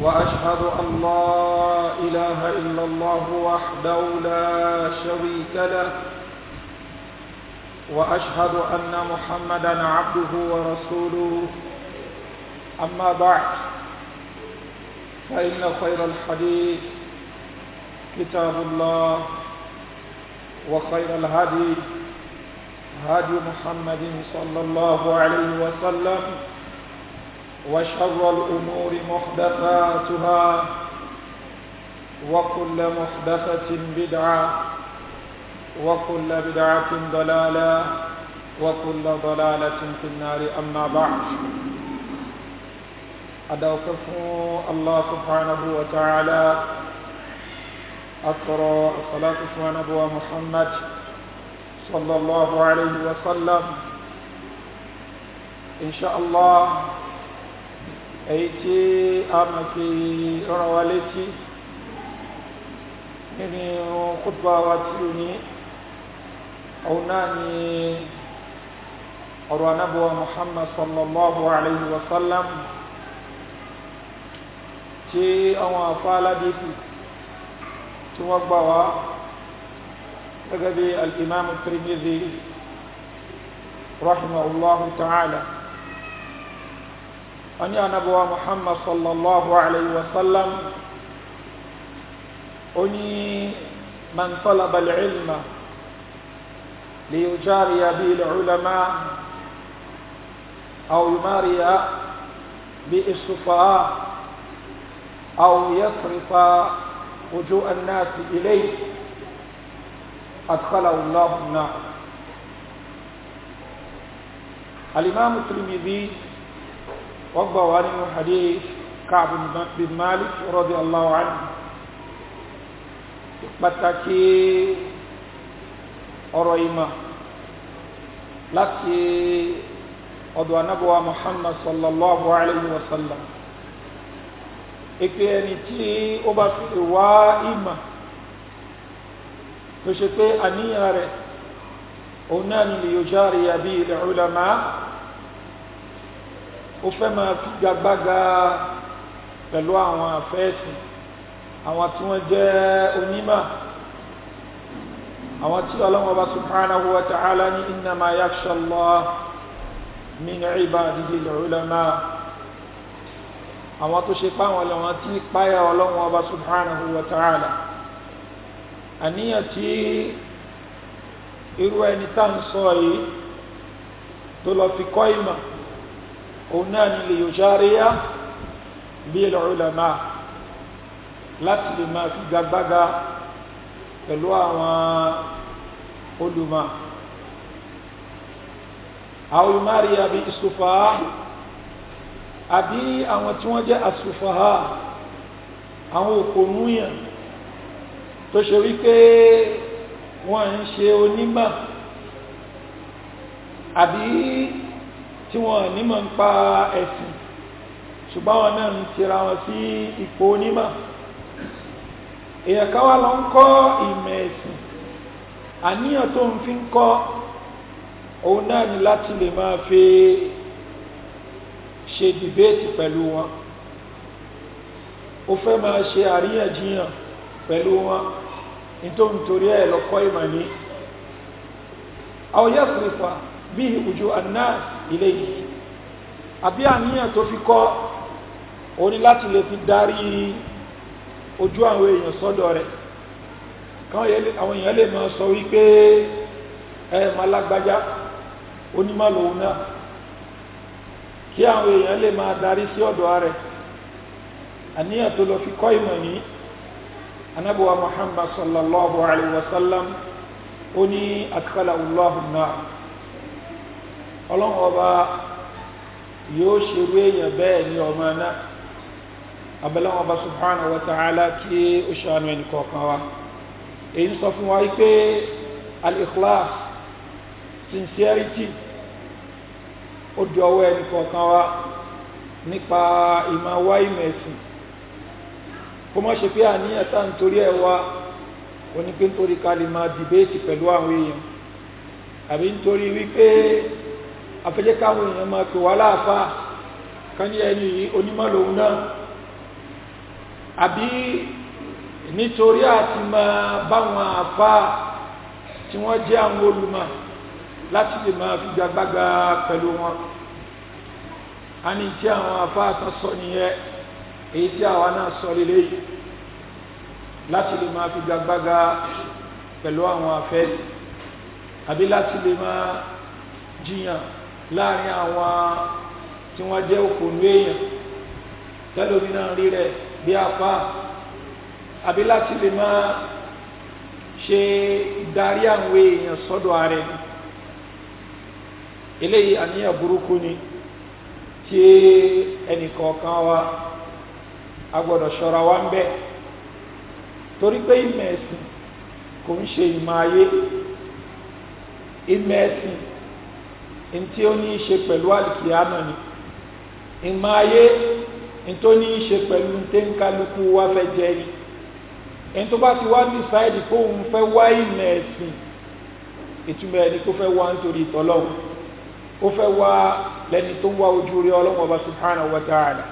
واشهد ان لا اله الا الله وحده لا شريك له واشهد ان محمدا عبده ورسوله اما بعد فان خير الحديث كتاب الله وخير الهدي هدي محمد صلى الله عليه وسلم وشر الأمور محدثاتها وكل محدثة بدعة وكل بدعة ضلالة وكل ضلالة في النار أما بعد أدوكف الله سبحانه وتعالى أترى الصلاة نبوة محمد صلى الله عليه وسلم إن شاء الله èyí tí a mọ̀ fi rán wa létí nínú kútbà wa tí ó ní òun náà ni ọ̀rọ̀ anábọ̀wà Muhammad sallallahu alayhi wa sallam tí àwọn afá aládìsí tí wọ́n gbà wá gẹ́gẹ́ bí al-imam rahimahullahu ta'ala أن ينبوى محمد صلى الله عليه وسلم أني من طلب العلم ليجاري به العلماء أو يماري بالسفاء أو يصرف وجوء الناس إليه أدخله الله النار الإمام الترمذي ọgbà wà nínú hadith Ka'b bin Malik radiyallahu anhu pàtàkì ọ̀rọ̀ ìmọ̀ láti ọ̀dọ̀ anábọ̀wá Muhammad sallallahu alayhi wa sallam ìpè ẹni tí ó bá fi wá ìmọ̀ tó ṣe pé àníyàn rẹ̀ òun náà ni yóò járe àbí ilẹ̀ ulama ó fẹ́ máa figagbága pẹ̀lú àwọn àfẹ́ẹ̀sìn àwọn tí wọ́n jẹ́ onímọ̀ àwọn tí ọlọ́wọ́ bá subhanahu wa ta'ala ní innama yakhsha Allah min ibadihi al-ulama àwọn tó ṣe páwọn lọ́wọ́ tí páyà ọlọ́wọ́ bá subhanahu wa ta'ala àníyàn tí irú ẹni tá ń sọ yìí tó lọ fi kọ́ ìmọ̀ òun náà ni lè yóò járíyá bí ìlọ́rùlẹ̀má láti lè máa fi gagbága pẹ̀lú àwọn olùmọ̀ àwọn olùmọ̀rí àbí ìsùfà àbí àwọn tí wọ́n jẹ́ àsùfà àwọn òkòmúyàn tó ṣe wípé wọ́n ń ṣe onímọ̀ àbí tí wọ́n nímọ̀ ń pa ẹ̀sìn ṣùgbọ́n wọn náà ń tira wọn sí ipò onímọ̀ èèyàn kan wá lọ ń kọ́ ìmọ̀ ẹ̀sìn àníyàn tó ń fi ń kọ́ òun náà ni láti lè máa fi ṣe dìbéètì pẹ̀lú wọn ó fẹ́ máa ṣe àríyànjiyàn pẹ̀lú wọn nítorí ẹ̀ lọ́kọ́ ìmọ̀ ní àwọn yẹ́sùn nípa bihi wujuhan nas ilayhi àbí àníyàn tó fi kọ́ orí láti lè fi darí ojú àwọn èèyàn sọ́dọ̀ rẹ̀ káwọn èèyàn lè máa sọ wípé ẹ malagbájá onímọ̀ lòun náà kí àwọn èèyàn lè máa darí sí ọ̀dọ̀ rẹ̀ àníyàn tó lọ fi kọ́ ìmọ̀ ní anábọ̀wá muhammad sallallahu alaihi wasallam ó ní adkhalahu Allahu ọlọ́run ọba yóò ṣe wé èèyàn bẹ́ẹ̀ ní ọmọ náà abẹ́lẹ́wọ̀n ọba subhanahu wa ta'ala kí ó ṣàánú ẹnì kọ̀ọ̀kan wa èyí sọ fún wa wípé al-ikhlas sincerity ó di ọwọ́ ẹnì kọ̀ọ̀kan wa nípa ìmọ̀ wá ìmọ̀ ẹ̀sìn kó má ṣe pé àníyàn tá ń torí ẹ̀ wá onípé nítorí dìbéètì pẹ̀lú àwọn èèyàn àbí nítorí wípé afẹ́jẹ́ káwọn èèyàn máa pè wá láàfá kan ní ẹni onímọ̀ lòun náà àbí nítorí àti máa báwọn àfá tí wọ́n jẹ́ àwọn olùmọ̀ láti lè máa fi gbàgbága pẹ̀lú wọn a ní tí àwọn àfá kan sọ nìyẹn èyí tí àwa náà sọ lélẹ́ yìí láti lè máa fi gbàgbága pẹ̀lú àwọn afẹ́ àbí láti lè máa jiyàn láàrin àwọn tí wọ́n jẹ́ òkòlù èèyàn tẹ́lómi náà rí rẹ̀ bí apá àbí láti lè máa ṣe darí àwọn èèyàn sọ́dọ̀ ààrẹ ni eléyìí àníyàn burúkú ni tí ẹnìkọ̀ọ̀kan wa a gbọ́dọ̀ ṣọ́ra wa ń bẹ torí pé ìmọ̀ ẹ̀sìn kò ń ṣe ìmọ̀ ayé ìmọ̀ ẹ̀sìn n tí ó ní í ṣe pẹ̀lú àlìkìyámà ni ìmọ̀ ayé n tó ní í ṣe pẹ̀lú téńkálukú wá fẹ́ jẹ ni n tó bá ti wá dísáìdì kó òun fẹ́ wá ìmọ̀ ẹ̀sìn ìtumọ̀ ẹni kó fẹ́ wá nítorí ìtọ́lọ́hùn ó fẹ́ wá lẹ́ni tó ń wá ojú rí ọlọ́wọ́ ọba subhanahu wa ta'ala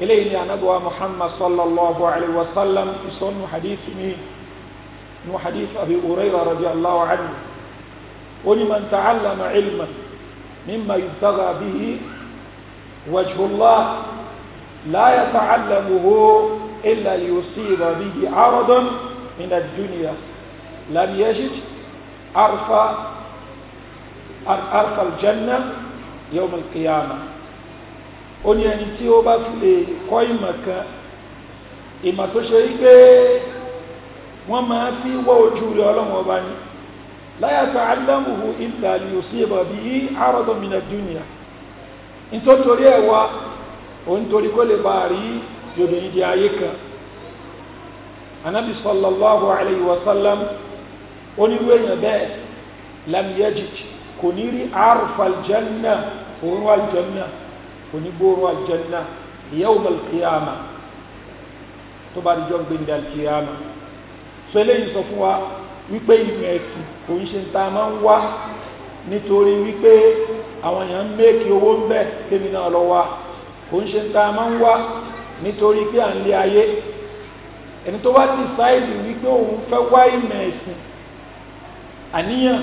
eléyìí ni anabuwa muhammad sallallahu alayhi wa sallam ìsọnù hadith mi nu hadith abi hurayra radiyallahu anhu ó ní man ta'allama ilman mimma yubtagha bihi wajhullah la yata'allamuhu illa liyusiba bihi aradan min ad-dunya lam yajid arfa arfa al-janna yawm al-qiyamah ó ní ẹni tí ó bá fi lè kọ́ ìmọ̀ kan ìmọ̀ tó ṣe wípé wọ́n máa fi wọ́ ojú rẹ̀ ọlọ́run ọba ni láyàtọ̀ alámùhù ìlà lè sí ẹ̀bà bí i àrọ́dọ̀ mìíràn dúnìyà in tó torí ẹ̀ wá òun torí kó lè bá rí yòdò ìdí ayé kan anábì sallallahu alayhi wa sallam onírú èèyàn bẹ́ẹ̀ lamiyajid kò ní rí arfa aljanna òórùn aljanna kò ní gbóòórùn aljanna yawm tó bá rí jọ gbẹ̀ndẹ̀ wípé ìmọ̀ ẹ̀sìn kò ń ṣe ta máa ń wá nítorí wípé àwọn èèyàn ń méèkì owó ń bẹ̀ kémi náà lọ wá kò ń ṣe ta máa ń wá nítorí pé à ń lé ayé ẹni tó bá ti sáìdì wípé òun fẹ́ wá ìmọ̀ ẹ̀sìn àníyàn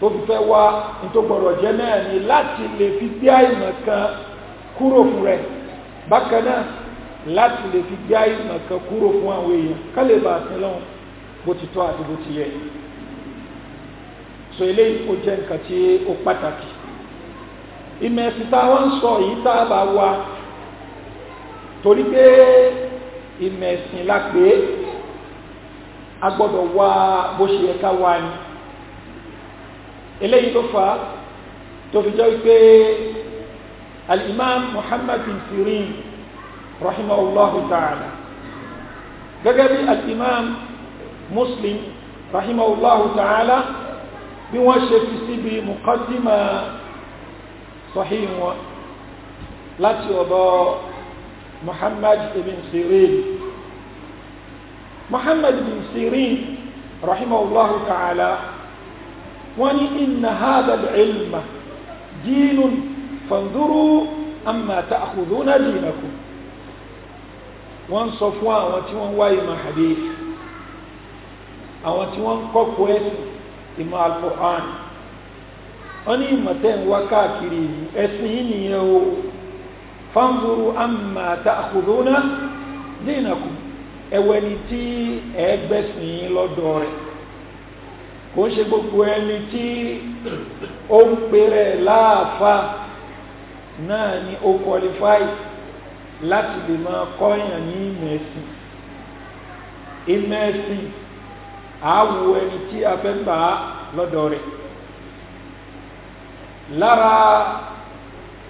tó fi fẹ́ wá nítorí jẹ́ náà ni láti lè fi gbé àìmọ̀ kan kúrò fún rẹ̀ bákan náà láti lè fi gbé àìmọ̀ kan kúrò fún àwọn èèyàn kálẹ̀ bá àti lọ́wọ́ bó ti tọ́ àti bó ti yẹ so eléyìí ó jẹ́ nǹkan tí ó pàtàkì ìmọ̀ tá a wá sọ yìí tá a bá wa torí pé ìmọ̀ ẹ̀sìn la pé a gbọ́dọ̀ wá bó ṣe yẹ ká wá ni eléyìí ló fà tó fi jẹ́ pé al muhammad bin sirin rahimahullahu ta'ala gẹ́gẹ́ bí al-imam muslim rahimahullahu ta'ala bí wọ́n ṣe fi síbi mukaddima sahih wọn láti ọ̀dọ̀ muhammad ibn sirin muhammad ibn sirin rahimahullahu ta'ala wọ́n ní inna hadha al-ilma dinun fanduru amma ta'khuduna dinakum wọ́n sọ fún àwọn tí wọ́n wáyé mahadith àwọn tí wọ́n kọ́kọ́ ẹ̀sìn ìmọ̀ alfọ́hán wọ́n ní ìmọ̀tẹ́ ń wá káàkiri ẹ̀sìn yìí nìyẹn o fanzuru amma ta'khuduna dinakum ẹ̀wẹ̀ ni tí ẹgbẹ́sìn yìí lọ́dọ̀ rẹ̀ kò ń ṣe gbogbo ẹni tí ó ń pèrè láàfà náà ni ó qualify láti lè máa kọ́yàn ní ìmẹ̀sìn ìmẹ̀sìn àáwò ẹni tí a fẹ́ gbà á lọ́dọ̀ rẹ̀ lára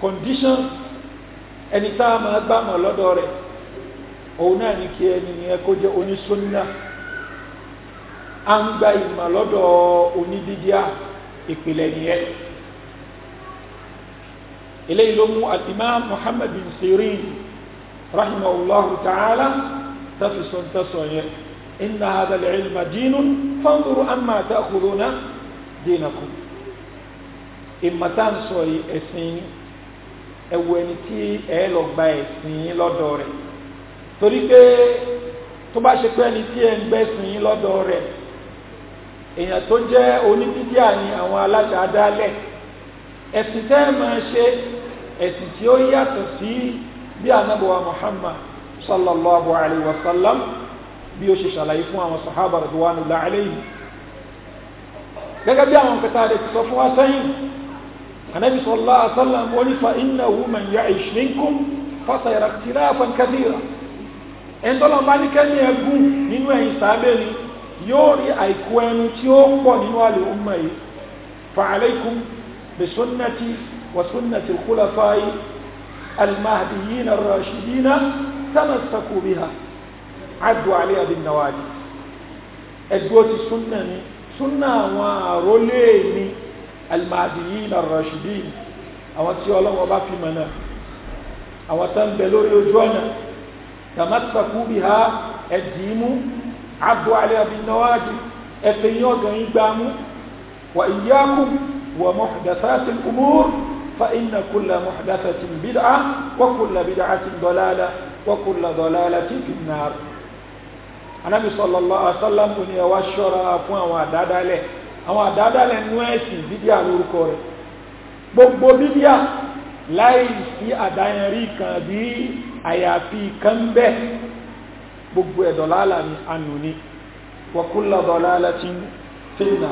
condition ẹni tá a máa gbà mọ̀ lọ́dọ̀ rẹ̀ òun náà ní kí ẹni yẹn kó jẹ́ onísúnnà a ń gba ìmọ̀ lọ́dọ̀ onídídíà ìpìlẹ̀ nìyẹn eléyìí ló mú al-Imam Muhammad bin Sirin rahimahullahu ta'ala tẹ́fìsọ́ntẹ́sọ̀ yẹn إن هذا العلم دين فانظروا أما تأخذون دينكم إما ìmọ̀tá ń sọ ẹ̀sìn ẹ̀wọ̀ ẹni tí ẹ lọ gba ẹ̀sìn lọ́dọ̀ rẹ̀ torí pé tó bá ṣe pé ẹni tí ẹ ń gbẹ̀sìn lọ́dọ̀ rẹ̀ èèyàn tó jẹ́ oníbídíà ni àwọn aláṣà adálẹ̀ ẹ̀sìn tẹ́ ẹ máa ṣe ẹ̀sìn tí ó yàtọ̀ sí bí anábọ̀wá Muhammad sallallahu alayhi wa sallam bí ó ṣe ṣàlàyé fún àwọn sahaba radwanullahi alayhim gẹ́gẹ́ bí àwọn kẹta lè sọ fún wa sẹ́yìn anabi sallallahu alaihi wasallam ó ní fa innahu man ya'ish minkum fasayara ikhtilafan kathira ẹni tọ́lọ́ bá ní kẹ́ni ẹgún nínú ẹ̀yìn sábẹ́ tamassaku biha عدوا عليها بالنوادي ادوات السنة سنة وروليه المعديين الراشدين او اتسيو الله وبا في منا او اتان بلوري وجوانا تمسكوا بها الدين عدوا عليها بالنوادي اتنيو غنبامو وإياكم ومحدثات الأمور فإن كل محدثة بدعة وكل بدعة ضلالة وكل ضلالة في النار anábì sallallahu alaihi wasallam ní ẹ wá ṣọ́ra fún àwọn àdádálẹ̀ àwọn àdádálẹ̀ nú ẹ̀sìn bídíà lórúkọ rẹ̀ gbogbo bídíà láì sí àdáyẹnrí kan bí àyàfi kan bẹ́ gbogbo ẹ̀dọ̀ lálàmì ànú ni wa kullu dalalatin finna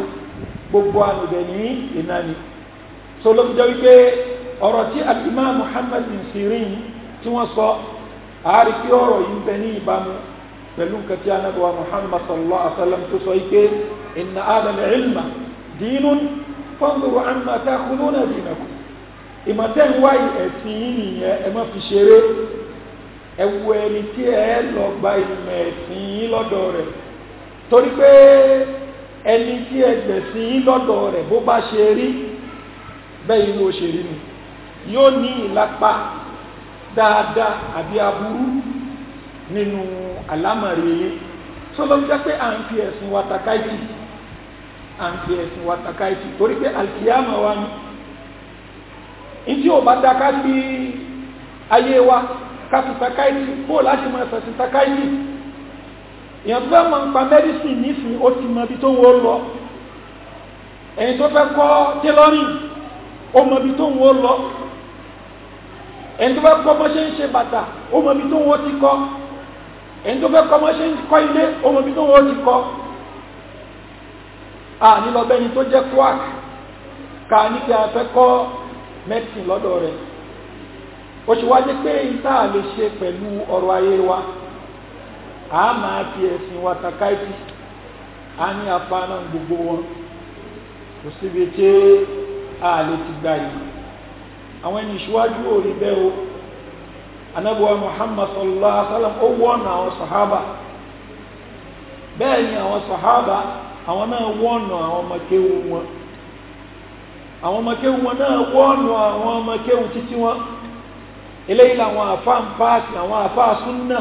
gbogbo ànúbẹ̀ ní iná ni so wípé ọ̀rọ̀ tí al-Imam Muhammad tí wọ́n sọ àárí kí ọ̀rọ̀ yìí bẹ ní ìbámu pẹ̀lú nǹkan tí ànábì wa muhammad sallallahu alaihi wa sallam tó sọ ike inna adal ilma dinun fanzuru amma ta'khuduna dinakum ìmọ̀tẹ́n wáyé ẹ̀sìn yìí nìyẹn ẹ má fi ṣeré ẹ wo ẹni tí ẹ lọ gba ìmọ̀ ẹ̀sìn yìí lọ́dọ̀ rẹ̀ torí pé ẹni tí ẹ gbẹ̀sìn yìí lọ́dọ̀ rẹ̀ bó bá ṣe rí bẹ́ẹ̀ ni ó ṣe rí ni yóò ní ìlápa dáadáa àbí aburú nínú àlámọ̀rí ilé tó ló ń jẹ́ pé à ń fi ẹ̀sìn wa takáìtì à ń fi ẹ̀sìn wa torí pé alkiyama wa ni ìdí ò bá dáká sí ayé wa ká fi takáìtì kó láti mọ ẹ̀sìn takáìtì èèyàn tó fẹ́ mọ̀ nípa mẹ́dísìn nísìn ó ti mọ ibi tó ń wó lọ ẹni tó fẹ́ kọ́ tẹ́lọ́rìn ó mọ ibi tó ń wó lọ ẹni tó fẹ́ kọ́ bọ́ ṣe ń ṣe bàtà ó mọ ibi tó ń wó ti kọ́ ẹni tó fẹ́ kọ́ ọmọ ṣe ń kọ́ ilé ọmọ bí tó wọ́n ti kọ́ a ní lọ bẹ́ni tó jẹ́ quark ká ní kí a fẹ́ kọ́ medicine lọ́dọ̀ rẹ̀ ó ṣe wá jẹ́ pé ìta lè ṣe pẹ̀lú ọrọ̀ ayé wa a máa fi ẹ̀sìn wa takáìtì a ní apá náà gbogbo wọn kò síbi tí a lè ti gbà yìí àwọn ẹni ìṣíwájú ò rí bẹ́ẹ̀ o Anabuwa muhammad sallallahu alaihi wasallam O ó wọ́nà sahaba bẹ́ẹ̀ ni àwọn sahaba àwọn naa wọ́nà àwọn makewu wọn àwọn makewu wọn naa wọ́nà àwọn makewu títí wọn eléyìí làwọn àfa ń paasi àwọn àfa súnà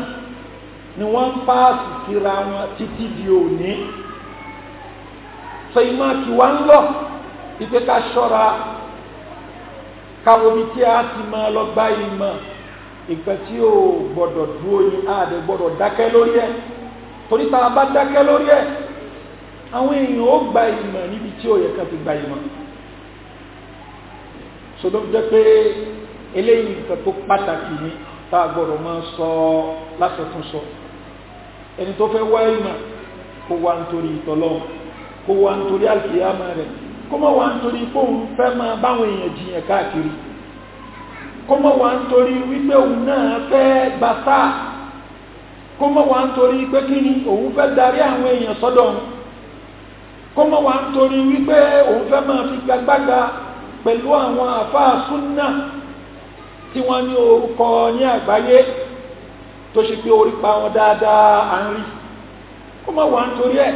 ni wọ́n ń paasi síra wọn títí di òní sọ ìmọ̀ kí wọ́n ń lọ ìpè ká ṣọ́ra káwọn ibi tí a ti máa lọ gbá ìmọ̀. nǹkan tí ó gbọ́dọ̀ dúró ní ààdẹ gbọ́dọ̀ dákẹ́ lórí ẹ̀ torí tá a bá dákẹ́ lórí ẹ̀ àwọn èèyàn ó gba ìmọ̀ níbi tí ó yẹ ká ti gba ìmọ̀ sọdọ́ jẹ́ pé eléyìí nǹkan tó pàtàkì ni tá a gbọ́dọ̀ máa sọ lásọ̀tún sọ ẹni tó fẹ́ wá ìmọ̀ kó wá nítorí ìtọ́lọ́ kó wá nítorí àlùkìyàmọ̀ rẹ̀ kó má wá nítorí fóun fẹ́ máa báwọn èèyàn jiyàn káàkiri kọ́mọ wa ń torí wípé òun náà fẹ́ gba sáà kọ́mọ wa ń torí pé kí ni òun fẹ́ darí àwọn èèyàn sọ́dọ̀ òun kọ́mọ wa ń torí wípé òun fẹ́ máa fi gbàgbága pẹ̀lú àwọn àfáà súnà tí wọ́n ní orúkọ ní àgbáyé tó ṣe pé orí pa wọn dáadáa à ń rí kọ́mọ wa ń torí ẹ̀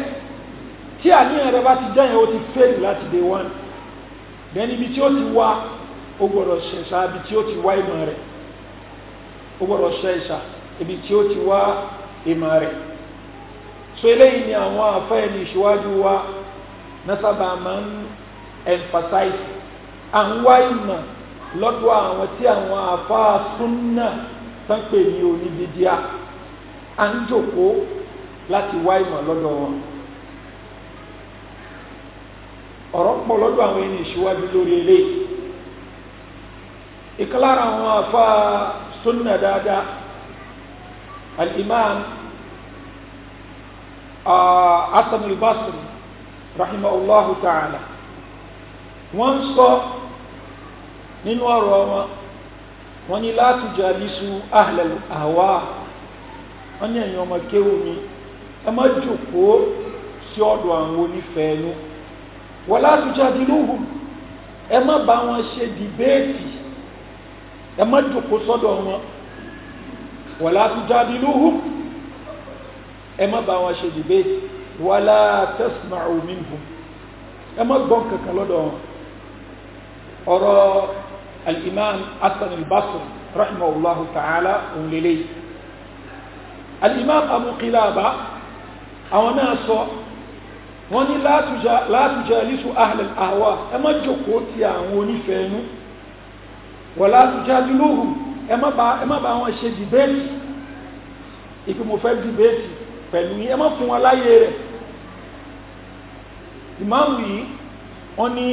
tí àníyàn rẹ bá ti jẹ́ yẹn ó ti fẹ́ẹ̀lì láti day one bẹ́ẹ̀ níbi tí ó ti wá ó gbọ́dọ̀ ṣẹ̀ṣà ibi tí ó ti wá ìmọ̀ rẹ̀ ó gbọ́dọ̀ ṣẹ̀ṣà ibi tí ó ti wá ìmọ̀ rẹ̀ so eléyìí ni àwọn afẹ́ ìṣíwájú wa nasaba máa ń emphasize à ń wá ìmọ̀ lọ́dọ̀ àwọn tí àwọn àfáà súnnà tán pè ní oníbídíà à ń jòkó láti wá ìmọ̀ lọ́dọ̀ wọn ọ̀rọ̀ pọ̀ lọ́dọ̀ àwọn ẹni ìṣíwájú lórí eléyìí ìkan lára àwọn afá sunna dáadáa al-imam hasan al-basri ta'ala wọ́n sọ nínú ọ̀rọ̀ wọn wọ́n ní láti Sun ahlal ahwa wọ́n ní ẹ̀yin ọmọ kéwù ni ẹ má jókòó sí ọ̀dọ̀ àwọn onífẹ̀ẹ́nu wọ́n láti jadiluhum ẹ má bá wọn ṣe dìbéètì ẹ má jòkó sọ́dọ̀ wọn wàlá tujadiluhum ẹ má bá wọn ṣe debate wàlá tasma'u minhum ẹ má gbọ́n kankan lọ́dọ̀ wọn ọ̀rọ̀ al-imam hasan al-basri rahimahullahu ta'ala òun lélẹ́yìí al-imam abu qilaba àwọn náà sọ wọ́n ní la tujalisu ahlal ahwa ẹ má jòkó ti àwọn onífẹ̀ẹ́nu wọ̀lá tùjájú lóhùn ẹ má bá wọn ṣe dìbẹ́ẹ̀tì ìpé mo fẹ́ dìbẹ́ẹ̀tì pẹ̀lú yí ẹ má fún wọn láyé rẹ̀ ìmáàmù yìí wọ́n ní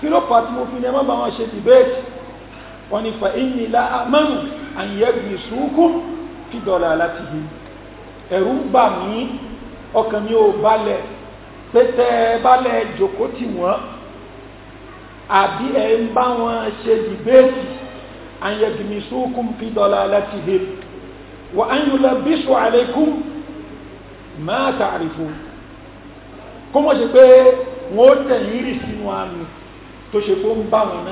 kílọ́pà tí mo fi ní wọn ṣe dìbẹ́ẹ̀tì wọ́n ní fa ìní ilá amánu àyẹ̀gbì sùúkùn fi dọ̀là láti yìí ẹ̀rù ń bà mí ọkàn mi ò balẹ̀ pé balẹ̀ jòkó tì wọ́n àbí ẹ̀ ń bá wọn ṣe dìbéètì àyẹ̀dìmísùkùn fi dalalatihim wa an yulabisu ma ta'rifun kó mọ̀ ṣe pé wọ́n ó tẹ̀yìn sínú àmì tó ṣe fó ń bá wọn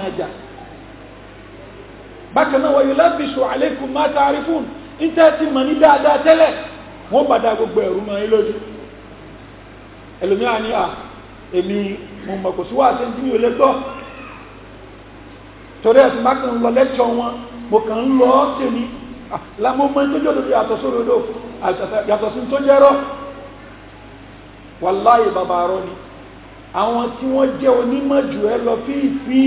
wa ma ta'rifun ní tẹ́ẹ̀tì mọ̀ ní dáadáa tẹ́lẹ̀ wọ́n padà gbogbo ẹ̀rù mọ́ ẹ lójú ẹlòmíà ní à èmi mo mọ̀ kò sí wàásù tí torí ẹ̀sùn bá kàn ń lọ lẹ́kṣọ̀ wọn mo kàn ń lọ tèmi ah, lámọ́mọ́ tó jẹ́ òdodo yàtọ̀ sórí odò yàtọ̀ sí tó jẹ́rọ wàláyé bàbá rọ ni àwọn tí wọ́n jẹ́ onímọ̀ jù ẹ lọ fíìfì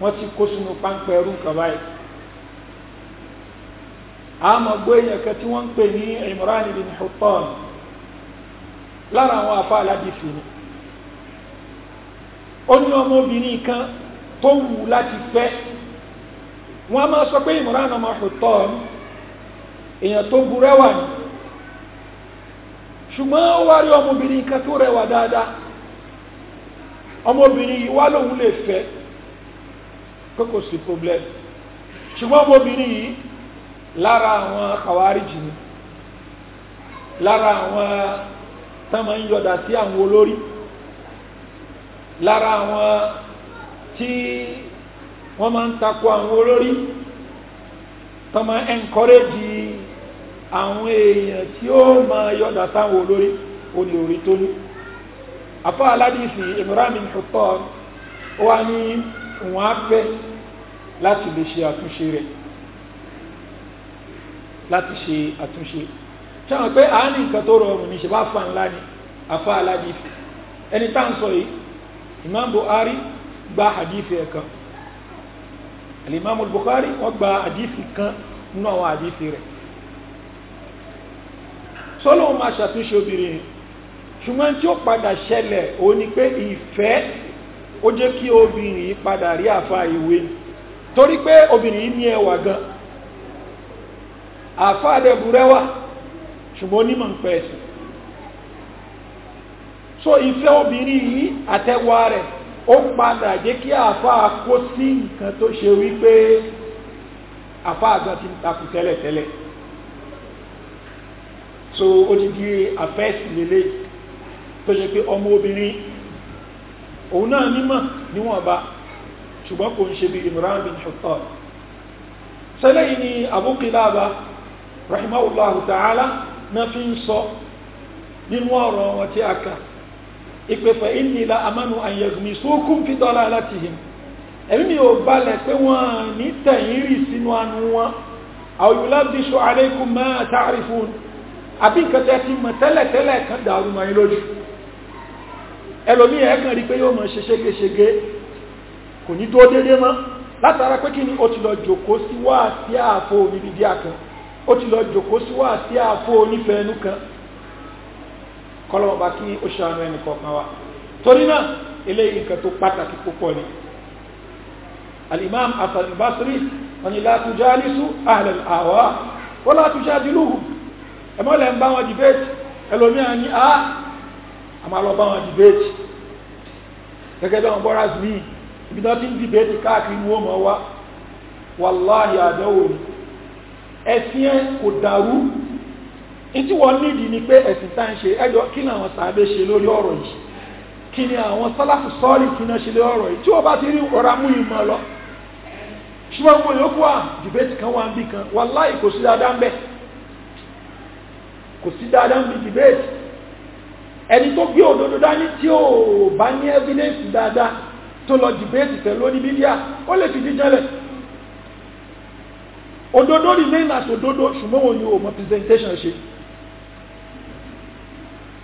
wọ́n ti kó sínú páńpẹ́ ẹrú nǹkan báyìí àmọ́ gbé èèyàn kan tí wọ́n ń pè ní Imran ibn Huttan lára àwọn afá aládìsí ni ó ní ọmọbìnrin kan tó wù láti fẹ́ wọ́n máa sọ pé Imran ọmọ ọ̀tọ̀ èèyàn tó burẹ́wà ni ṣùgbọ́n ó wá rí ọmọbìnrin kan tó rẹwà dáadáa ọmọbìnrin yìí wá lòun lè fẹ́ pé kò sí problem ṣùgbọ́n ọmọbìnrin yìí lára àwọn kàwáríjì ni lára àwọn tán máa ń yọ̀dà sí àwọn olórí lára àwọn tí wọ́n máa ń takò àwọn olórí tó máa encourage àwọn èèyàn tí ó máa yọ̀dà táwọn olórí olè orí tó ní afọ́ aládìsí Imran bin Khattab ó wá ní wọ́n á fẹ́ láti lè ṣe àtúnṣe rẹ̀ láti ṣe àtúnṣe ṣáwọn pé àánì nǹkan tó rọrùn ní ṣe fa ńlá ni afọ́ aládìsí ẹni tá ń sọ yìí Imam Buhari gba àdífì ẹ̀kan alimamu Bukhari wọ́n gba àdífì kan nínú àwọn àdífì rẹ̀ sọ́lọ́wọ́n máa ṣàtúnṣe obìnrin ṣùgbọ́n tí ó padà ṣẹlẹ̀ ó ní pé ìfẹ́ ó jẹ́ kí obìnrin padà rí àfa ìwé torí pé obìnrin ní ẹwà gan àfa àdẹ̀bùrẹ́wà ṣùgbọ́n onímọ̀ ń pẹ́ ẹ̀sìn so ìfẹ́ obìnrin yìí àtẹwà rẹ̀ ó padà jẹ́ kí àfáà kó sí nǹkan tó ṣe wípé àfáà gan ti ń takù tẹ́lẹ̀tẹ́lẹ̀ so ó ti di àfẹ́sì lélẹ̀ tó ṣe pé ọmọ obìnrin òun náà nímọ̀ níwọ̀nba ṣùgbọ́n kò ń ṣe bí Imran bin Huttab sẹ́lẹ̀ yìí ni Abu Qilaba rahimahullahu ta'ala náà fi ń sọ nínú ọ̀rọ̀ wọn tí a kà ìpèfẹ́ ìnìlá amánu àyẹ̀gùnmí sókún fi dọ́là láti hìm ẹ̀mí mi ò balẹ̀ pé wọ́n ní tẹ̀yìn rì sínú anú wọn àwòyúlá bí ṣọ alaykum ma ta'rifun àbí nǹkan tẹ́ ti mọ̀ tẹ́lẹ̀tẹ́lẹ̀ kan dàrú mọ́ yín ẹlòmí ẹ̀ẹ́kàn kọ́lọ́wọ́ bá kí ó ṣàánú ẹnì kọ̀ọ̀kan wa torí náà eléyìí nǹkan tó pàtàkì púpọ̀ ni alimam hasan basri wọn ni láti jálísù ààrẹ àwọ́ wọ́n láti jádìlúhù ẹmọ́lẹ̀ ń bá wọn dìbẹ́tì ẹlòmíà ní ah, a àmàlọ́ bá wọn dìbẹ́tì gẹ́gẹ́ ìtí wọ́n nídìí ni pé ẹ̀sìn tá ń ṣe ẹjọ́ kí ni àwọn sàábé ṣe lórí ọ̀rọ̀ yìí kí ni àwọn sálàfù sọ́ọ̀lì kí ni ṣe lórí ọ̀rọ̀ yìí tí wọ́n bá ti rí ọ̀rá mú ìmọ̀ lọ ṣùgbọ́n gbogbo yòókù wà dìbẹ́tì kan wà ń bì kan wàláhì kò sí dáadáa ń bẹ̀ kò sí dáadáa ń bì dìbẹ́tì ẹni tó gbé òdodo dání tí ò bá ní evidence dáadáa tó lọ òdodo remain as òdodo ṣùgbọ́n òun ni ò mọ presentation ṣe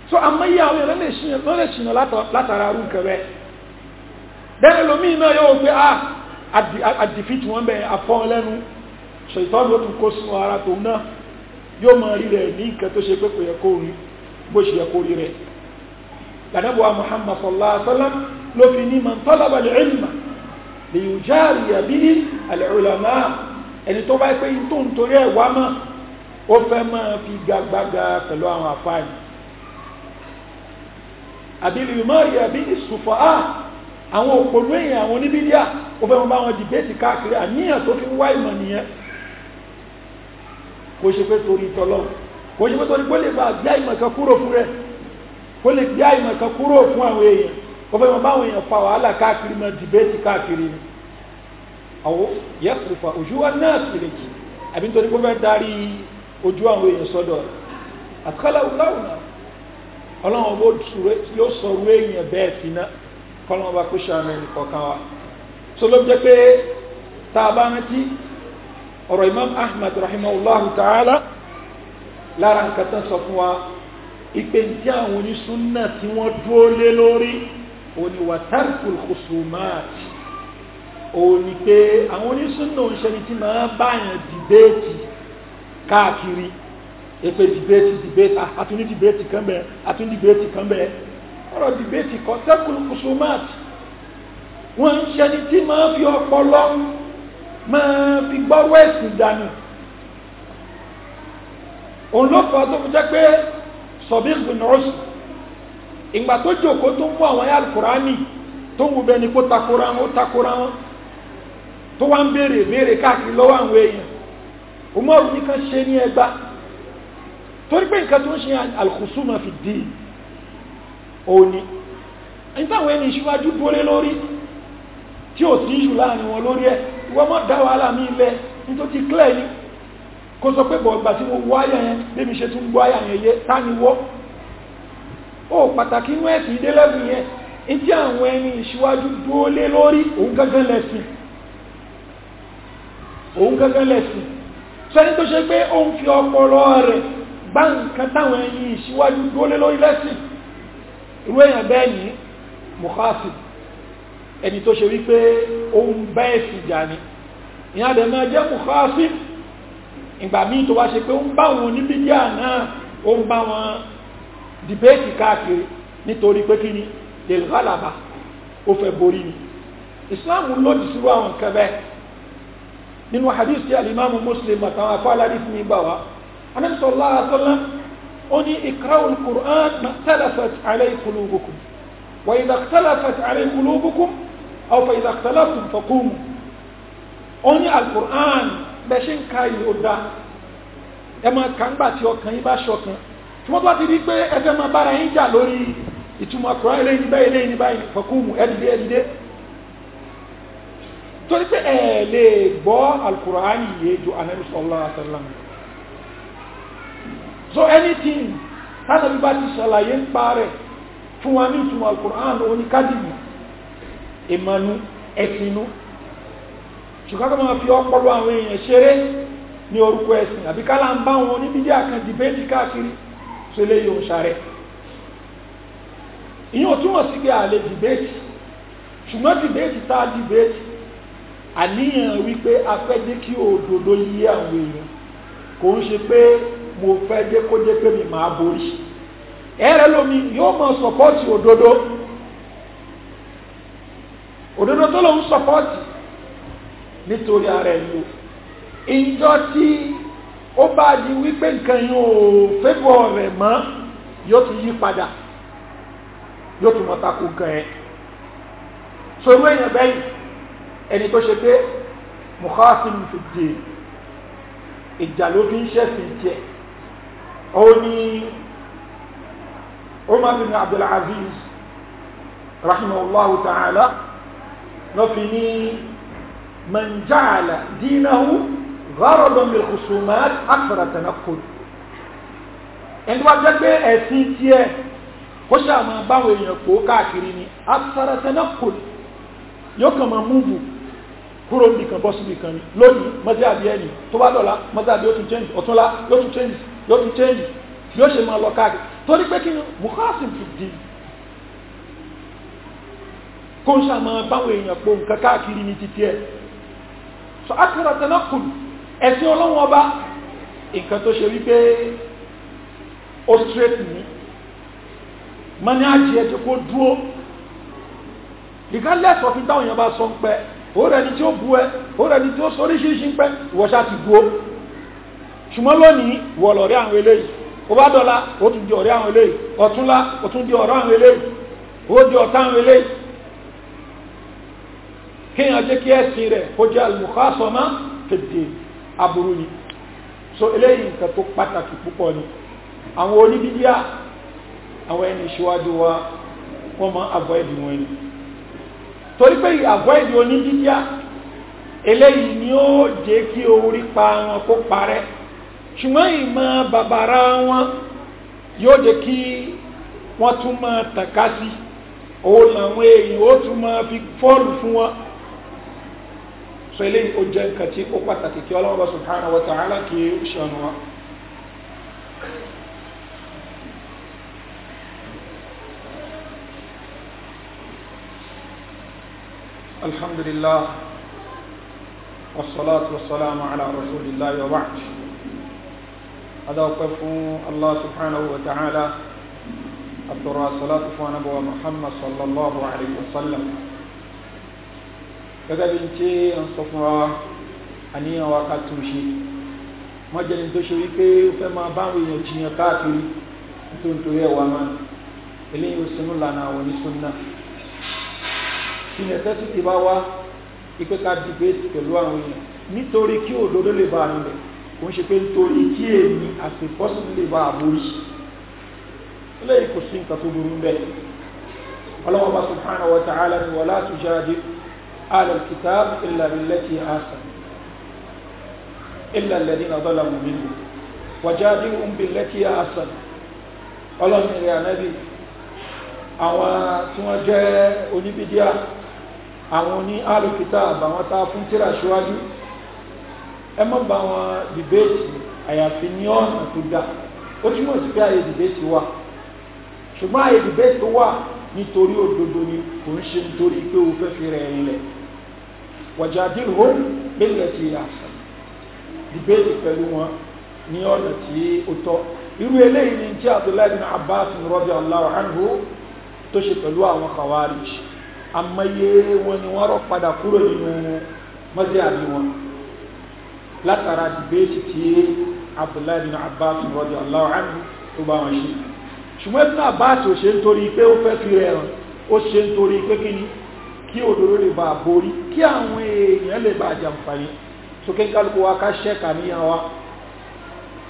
so àmọ́yé àwọn èèyàn lè ṣìnà látara arú nǹkan rẹ̀ bẹ́ẹ̀ lómi náà yóò gbé a àdìfìtì wọn bẹ́ẹ̀ afọ́n lẹ́nu ṣètọ́nù ó tún kó sínú ara tòun náà yóò mọ rí rẹ̀ ní nǹkan tó ṣe pé kò yẹ kó rí bó ṣe yẹ kó rí rẹ̀ gbàdẹ́bùwà Muhammad sallallahu alaihi wasallam ló fi ní man talaba àbí ìmọ̀rì àbí ìsùfọ̀ á àwọn òpòlú èèyàn àwọn oníbídíà ó fẹ́ wọn bá wọn dìbẹ́tì káàkiri àníyàn tó fi ń wá ìmọ̀ nìyẹn kò ṣe pé torí tọ́lọ́ kò ṣe pé torí kó lè bá gbé àìmọ̀ kan kúrò fún rẹ̀ kó lè gbé àìmọ̀ kan kúrò fún àwọn èèyàn ó fẹ́ wọn bá àwọn èèyàn fa ọlọ́run owó yóò sọ owó èèyàn bẹ́ẹ̀ sí náà kọ́lọ́run bá kó ṣàánú ẹnì kọ̀ọ̀kan wa so ló jẹ́ pé tá a bá rántí ọ̀rọ̀ imam ahmed rahimahullahu ta'ala lára nǹkan tán sọ fún wa ìpè tí àwọn onísúnnà tí wọ́n dúró lé lórí òní wàtàkùn kùsùmáàtì òní pé àwọn onísúnnà òṣèlú tí máa báyàn dìbéètì káàkiri èpè dìbẹ́tì dìbẹ́tì àtúndì dìbẹ́tì kan bẹ́ẹ̀ àtúndì dìbẹ́tì kan bẹ́ẹ̀ ọ̀rọ̀ dìbẹ́tì kan sẹ́kùlù kùsùmáàtì wọ́n ń ṣẹni tí máa fi ọpọlọ máa fi gbọ́rọ̀ ẹ̀sìn dànù òun ló fọ́ tó fi jẹ́ pé sọ̀bí gbìnrọ́sì ìgbà tó jòkó tó ń mú àwọn alukurani tó ń wùbẹ́ ni kó takora wọn takora wọn tó wá ń béèrè béèrè káàkiri lọ́wọ́ àwọn èèyàn òun mọ̀ ní kan torí pé nǹkan tó ń ṣe alkhusuma fi din òní ìtàwọn ẹni ìṣíwájú dúró lórí tí ò sí ìṣù láàrin wọn lórí ẹ ìwọ́n mọ́ dá wàhálà mí ilẹ̀ nítorí ti clear ní kó sọ pé bọ̀gbà tí mo wọ́ àyà yẹn bí mi ṣe tún gbọ́ àyà yẹn yé tání ó pàtàkì inú ẹ̀sìn ìdélẹ́bù yẹn ìdí àwọn ẹni ìṣíwájú dúró lórí òun gángan lẹ́sìn òun gángan lẹ́sìn sẹ́ni tó ṣe pé ó ń fi ọpọlọ rẹ̀ bá nǹkan táwọn ẹni ìṣíwájú dúólé lórí lẹ́sìn irú èèyàn bẹ́ẹ̀ ní mùkásì ẹni tó ṣe wípé ohun bẹ́ẹ̀ sì jà ní ìyá lè máa jẹ́ mùkásì ìgbà míì tó wá ṣe pé ń bá wọn ní bídíà náà ó ń bá wọn dìbéètì káàkiri nítorí pé kí ni lè ó fẹ́ borí ni islam lòdì sírú àwọn nǹkan bẹ́ẹ̀ nínú hadith tí alimamu muslim àtàwọn afáàládìí fún mi gbà wá anábì sallallahu alaihi wasallam ó ní ikra'ul qur'an makhtalafat alayhi qulubukum wa idha ikhtalafat alayhi qulubukum aw fa idha ikhtalaftum faqumu ó ní al-qur'an bẹ́ẹ̀ ṣe ń ka yìí ó dá ẹ máa kà ń gbà tí ọkàn yín bá ṣọkan tí wọ́n bá ti rí pé ẹ fẹ́ máa bára yín jà lórí ìtumọ̀ so anything tánàbí bá ti ṣàlàyé ń pa rẹ̀ fún wa ní ìtumọ̀ alukur'an oníkádìmù ìmọ̀nú ẹ̀sìnú ṣùgbọ́n kọ́ máa fi ọpọlọ àwọn èèyàn ṣeré ní orúkọ ẹ̀sìn àbí kálá ń bá wọn oníbídí àkàn dìbẹ́ẹ̀tì káàkiri tó lè yóò ṣàrẹ̀ ìyẹn ò túmọ̀ sí pé àlè dìbẹ́ẹ̀tì ṣùgbọ́n dìbẹ́ẹ̀tì tá kò ń ṣe pé mo fẹ́ jẹ́ kó jẹ́ pé mi máa borí ẹ̀rẹ́ lomi yóò mọ sọ̀pọ́ọ̀tì òdodo òdodo tó lòun sọ̀pọ́ọ̀tì nítorí ara ẹ̀ lò ìjọ tí ó bá di wípé nǹkan yìí ò fẹ́bọ̀ rẹ̀ mọ́ yóò tún yí padà yóò tún mọ̀ tako nǹkan ẹ̀ sorú èèyàn bẹ́yìn ẹni tó ṣe pé mùkásí fi dè ìjà ló fi ń ṣẹ̀sìn tiẹ̀ ó ní Umar bin Abdul Aziz rahimahullahu ta'ala ló fi ní man ja'ala dinahu gharadan bil khusumat akthara tanaffud ẹni wá jẹ́ pé ẹ̀sìn tiẹ̀ kó ṣàmà báwọn èèyàn kó káàkiri ni akthara tanaffud yóò kàn máa múùbù kúrò nìkan bọ́ sí nìkan ni lónìí mọ́tí àbí ẹni tó bá dọ̀la mọ́tí àbí ó tún change ọ̀túnla yóò tún change yóò tún change bí ó ṣe máa lọ káàkiri torí pé kí ni muhasim ti di kó ń ṣàmọ́ báwọn èèyàn po nǹkan káàkiri ní títí ẹ̀ so akara tanakul ẹ̀sìn ọlọ́wọ́n ọba nǹkan tó ṣe wípé ó straight ní mọ́ni àti ẹ̀jẹ̀ kó dúó regardless of ìdáhùn yẹn bá sọ ń pẹ́ ó rẹni tí ó bu ẹ ó rẹni tí ó sọ oríṣiríṣi ń pẹ́ ìwọ́ṣà ti dúó ṣùgbọ́n lónìí wọ̀ lọ̀rí àwọn eléyìí ó bá dọ́lá ó tún di ọ̀rẹ́ àwọn eléyìí ọ̀túnlá ó tún di ọ̀rẹ́ àwọn eléyìí ó di ọ̀tá àwọn eléyìí kéèyàn jẹ́ kí ẹ̀sìn rẹ̀ kó jẹ́ al-mukhasama aburú ni so eléyìí nǹkan tó pàtàkì púpọ̀ ni àwọn oníbídíà àwọn ẹni ìṣíwájú wa wọ́n máa avoid wọn ni torí pé avoid oníbídíà eléyìí ni ó jẹ́ kí orí pa wọn kó parẹ́ ṣùgbọ́n ìmọ̀ bàbàrà wọn yóò jẹ́ kí wọ́n tún mọ́ tàkà sí òun làwọn èèyàn ó tún mọ́ fi fọ́ọ̀lù fún wọn so eléyìí ó jẹ́ nǹkan tí ó pàtàkì kí ọlọ́wọ́ subhanahu wa ta'ala kí wọn alhamdulillah wassalatu wassalamu ala rasulillah wa ba'd adáwọ̀pẹ́ fún Allah subhanahu wa ta'ala àtọ̀rọ̀ àsọ̀látù fún anábọ̀wà Muhammad sallallahu alayhi wa sallam gẹ́gẹ́ bí tí a ń sọ fún wa àníyàn wa ká tún ṣe wọ́n jẹ́ ní tó ṣe wípé ó fẹ́ máa báwọn èèyàn jiyàn káàkiri tó ń máa eléyìí ó sinú lànà àwọn onísúnnà tí necessity bá wá ipé ká debate pẹ̀lú àwọn èèyàn nítorí kí òdodo lè bá nílẹ̀ kò ń ṣe pé nítorí kí èmi àti pọ́sìn lè bá àbórí ilé ìkò sí nǹkan tó burú bẹ́ẹ̀ ọlọ́wọ́ bá subhanahu wa ta'ala ni wala tujadil ahlal kitab illa billati ahsan illa alladhina zalamu minhum wajadilhum billati ahsan ọlọ́run rẹ̀ ànábì àwọn tí wọ́n jẹ́ oníbídíà àwọn oní ahlul kitab tá a fún tíra ṣíwájú ẹ má bá wọn dìbéètì àyàfi ní ọ̀nà tó dá ó túmọ̀ sí pé àyè dìbéètì wà ṣùgbọ́n àyè dìbéètì wà nítorí òdodo ni kò ń ṣe nítorí pé o fẹ́ fi rẹ̀ rinlẹ̀ wajadilhum billati ahsan dìbéètì pẹ̀lú wọn ní ọ̀nà tí ó tọ́ irú eléyìí ni tí Abdullahi bin Abbas radiyallahu anhu tó ṣe pẹ̀lú àwọn khawarij àmọye wọn ni wọ́n rọ́ padà kúrò nínú mọ́sí àbí wọn látara dìbéètì tí abdullahi bin abbas radiyallahu anhu tó bá wọn ṣe ṣùgbọ́n ibn abbas ò ṣe nítorí pé ó fẹ́ fi rẹ̀ hàn ó ṣe nítorí pé kí ni kí òdòdó lè bá borí kí àwọn èèyàn lè bá jàǹfààní sókè kálukú wa ká ṣẹ́ka níyàn wa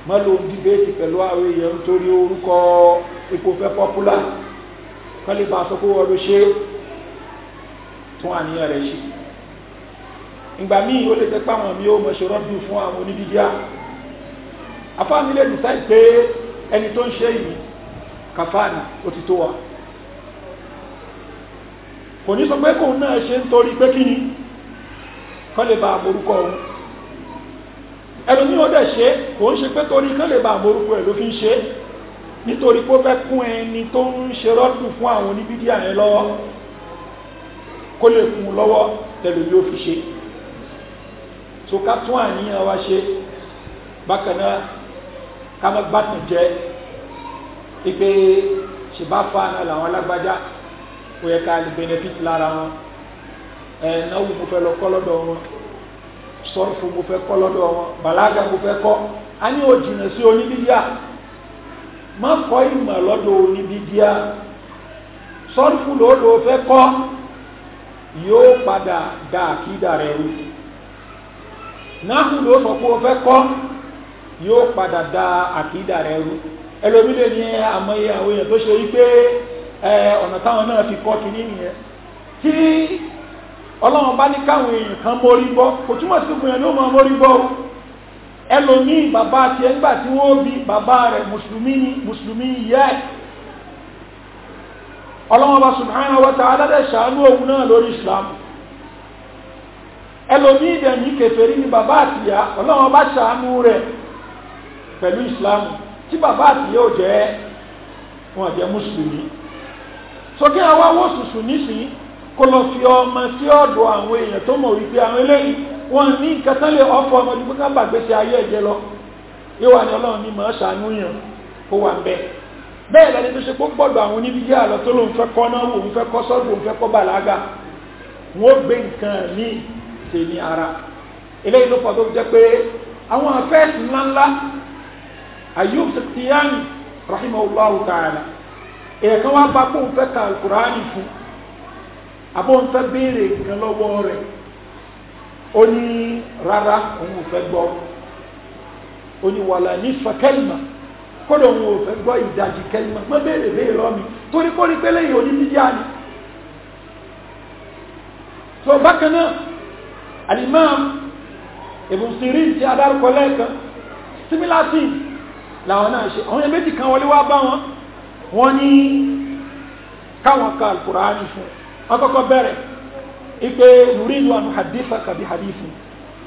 mọ́ ló ń dìbéètì pẹ̀lú àwọn èèyàn nítorí orúkọ epo fẹ́ popular kọ́lé bá sọ pé wọ́n ló ṣe tún àníyàn rẹ̀ ṣe ìgbà míì ó lè jẹ́ páwọn mi ó mọ̀ ṣe rọ́dù fún àwọn onídíjá afáàmì lè decide pé ẹni tó ń ṣe yìí kàfáàní ó ti tó wa kò ní sọ pé kòun náà ṣe ń torí pé kí ni kọ́ lè ba àmórúkọ òun ẹnu ní ó dẹ̀ ṣe kò ń ṣe pé torí kán lè ba àmórúkọ ẹ̀ ló fi ń ṣe nítorí pé ó fẹ́ kún ẹni tó ń ṣe rọ́dù fún àwọn oníbídíà yẹn lọ́wọ́ kó lè kún un lọ́wọ́ tẹ̀lé yóò fi ṣe so ká tún àníyàn wa ṣe bákan náà ká má gbàtàn jẹ pípé ṣèbá fáànà làwọn alágbájá kò yẹ ká lè benefit lára wọn ẹ̀ẹ́náwó mo fẹ́ lọ kọ́ lọ́dọ̀ wọn sọ́ọ̀fù mo fẹ́ kọ́ lọ́dọ̀ wọn bàlágà mo fẹ́ kọ́ a ní òjìnà sí oníbídíà má kọ́ ìmọ̀ lọ́dọ̀ oníbídíà sọ́ọ̀fù lòdò fẹ́ kọ́ yóò padà dá àkídà rẹ̀ rú náà ló sọ pé o fẹ́ kọ́ yóò padà da àkídà rẹ rú ẹlòmílẹ ní àmọye àwọn èèyàn tó ṣe yí ọ̀nà táwọn náà fi kọ́ kínní nìyẹn tí ọlọ́run bá ní káwọn èèyàn kan mórí bọ́ kò túmọ̀ sí fún yẹn máa mórí bọ́ o bàbá àti ẹgbà tí wọ́n bí bàbá rẹ̀ mùsùlùmí ni mùsùlùmí yẹ ọlọ́run bá islam ẹlòmíì dẹ̀ ní ni bàbá àtìyá ọlọ́run bá ṣàánú rẹ̀ pẹ̀lú ìsìláàmù tí bàbá àtìyá ò jẹ́ wọn jẹ́ mùsùlùmí sókè àwa wò sùsù nísìnyí kó lọ fi ọmọ sí ọ̀dọ̀ àwọn èèyàn tó mọ̀ wípé àwọn eléyìí wọn ní nǹkan tán lè ọ̀fọ̀ ọmọdé pé ká gbàgbèsè ayé ẹ̀jẹ̀ lọ ìwà ni ọlọ́run ní màá ṣàánú yàn kó wà ń bẹ́ẹ̀ bẹ́ẹ̀ lẹ́ni tó ṣe kó gbọ́dọ̀ àwọn oníbíyí àlọ́ tó lóun fẹ́ kọ́ náà wò ń fẹ́ kọ́ sọ́dọ̀ òun fẹ́ kọ́ bàlágà wọ́n gbé nǹkan míì ṣe ní ara eléyìí ló pọ̀ tó jẹ́ pé àwọn afẹ́ẹ̀sì ńláńlá Ayub Saqtiyani rahimahullahu ta'ala èèyàn kan wá bá kó ń fẹ́ ka alukurani fún àbó ń fẹ́ béèrè nǹkan lọ́wọ́ rẹ̀ ó ní rárá òun ò fẹ́ gbọ́ ó ní wàlà ní fàkẹ́lìmà kódò òun ò fẹ́ gbọ́ ìdajì kẹ́lìmà má béèrè béèrè lọ́mi torí kó lẹ́yìn onídíjà ni. tó bákan náà alimam Ibn Sirin tí adárúkọ lẹ́ẹ̀kan similar thing làwọn náà ṣe àwọn méjì kan wọlé wá bá wọn wọ́n ní káwọn ka alkùránì fún wọn kọ́kọ́ bẹ̀rẹ̀ ipe nuridu anu hadifa kabi hadifi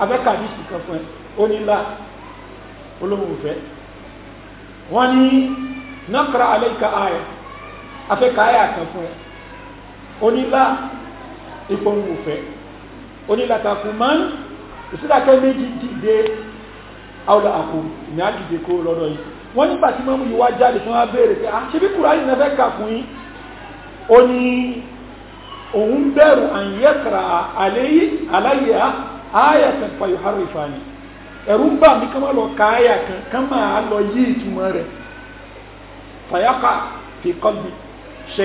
abẹ́ka hadisi kan fún ẹ ó ní ńlá olóhùn fẹ́ wọ́n ní nakra alayka aya afẹ́ka aya kan fún ẹ ó ní ńlá ìpohùn fẹ́ onílàtàkùn máa ń ìsìlákẹ́ méjì dìde àwọlà àkó ìmì àdìde kó lọ́dọ̀ yìí wọ́n nígbà tí mọ́mú yìí wá jáde tí wọ́n béèrè pé ṣe bí kùránì náà fẹ́ kà fún yín ó ní òun bẹ̀rù àyẹ́kàrà àléyí aláyé àyàkàn pàyò harry fani ẹ̀rù ń bà mí kán máa lọ ka àyàkàn kán máa lọ yí ìtumọ̀ rẹ̀ fàyàkà fi kọ́ mi ṣe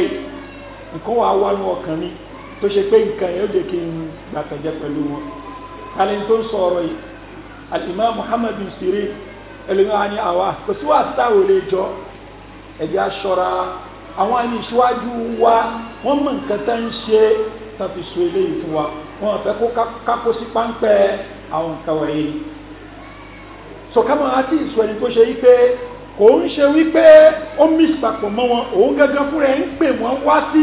tó ṣe pé nǹkan yóò jẹ́ kí n gbàtànjẹ́ pẹ̀lú wọn kálí tó ń sọ ọ̀rọ̀ yìí alimá muhammad bin sirin ẹlòmíràn ni àwa kò sí wàá táwọn olè jọ ẹ̀jẹ̀ aṣọra àwọn ẹni ìṣíwájú wa wọ́n mọ̀ nǹkan tá ń ṣe tá fi so eléyìí fún wa wọ́n fẹ́ kó kákó sí páńpẹ́ àwọn nǹkan wọ̀nyí ni sọ̀kámọ́ àti ìsọ ẹni tó ṣe wípé kò ń ṣe wípé ó mìsàpọ̀ mọ́ wọn òun gẹ́gẹ́ fúnra ẹ̀ ń pè wọ́n wá sí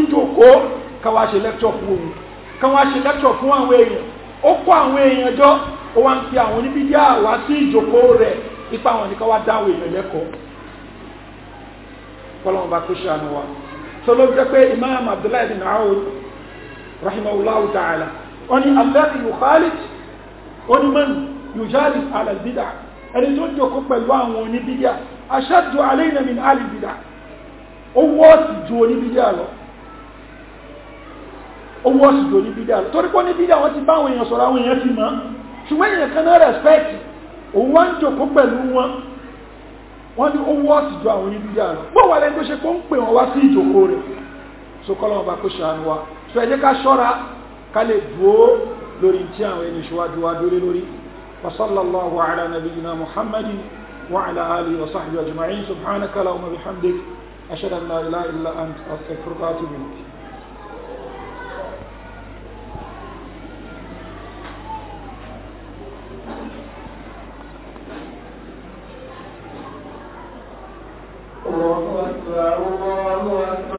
káwá ṣe lẹ́kṣọ̀ fún òun káwá ṣe lẹ́kṣọ̀ fún àwọn èèyàn ó kó àwọn èèyàn jọ ó wá ń fi àwọn oníbídíà wá sí ìjókòó rẹ̀ ipa àwọn nìkan wá dáwọ̀ èèyàn lẹ́kọ̀ọ́ kọ́lọ́mù bá kó ṣàánú wa tó ló jẹ́ pé imam abdullahi bin aoud rahimahullahu ta'ala ó ní abdullahi yukhalid ó ní man yujalis alalbida ẹni tó jókòó pẹ̀lú àwọn oníbídíà aṣáájú alẹ́ ìnàmì alìbida ó wọ́ọ̀sì ju oníbídíà lọ owó ọ̀sìdò ní bídá torí pọ́ ní bídá wọ́n ti bá àwọn èèyàn sọ̀rọ̀ àwọn èèyàn ti mọ́ ṣùgbọ́n èèyàn kan náà respect òun wá ń jòkó pẹ̀lú wọn wọ́n ní owó ọ̀sìdò àwọn ní bídá rẹ̀ bó wà lẹ́nu tó ṣe kó ń pè wọ́n wá sí ìjòkó rẹ̀ so kọ́lọ́ ọba kó ṣàánú wa so ẹ ká ṣọ́ra ká lè dúó lórí tí àwọn ẹni ṣíwájú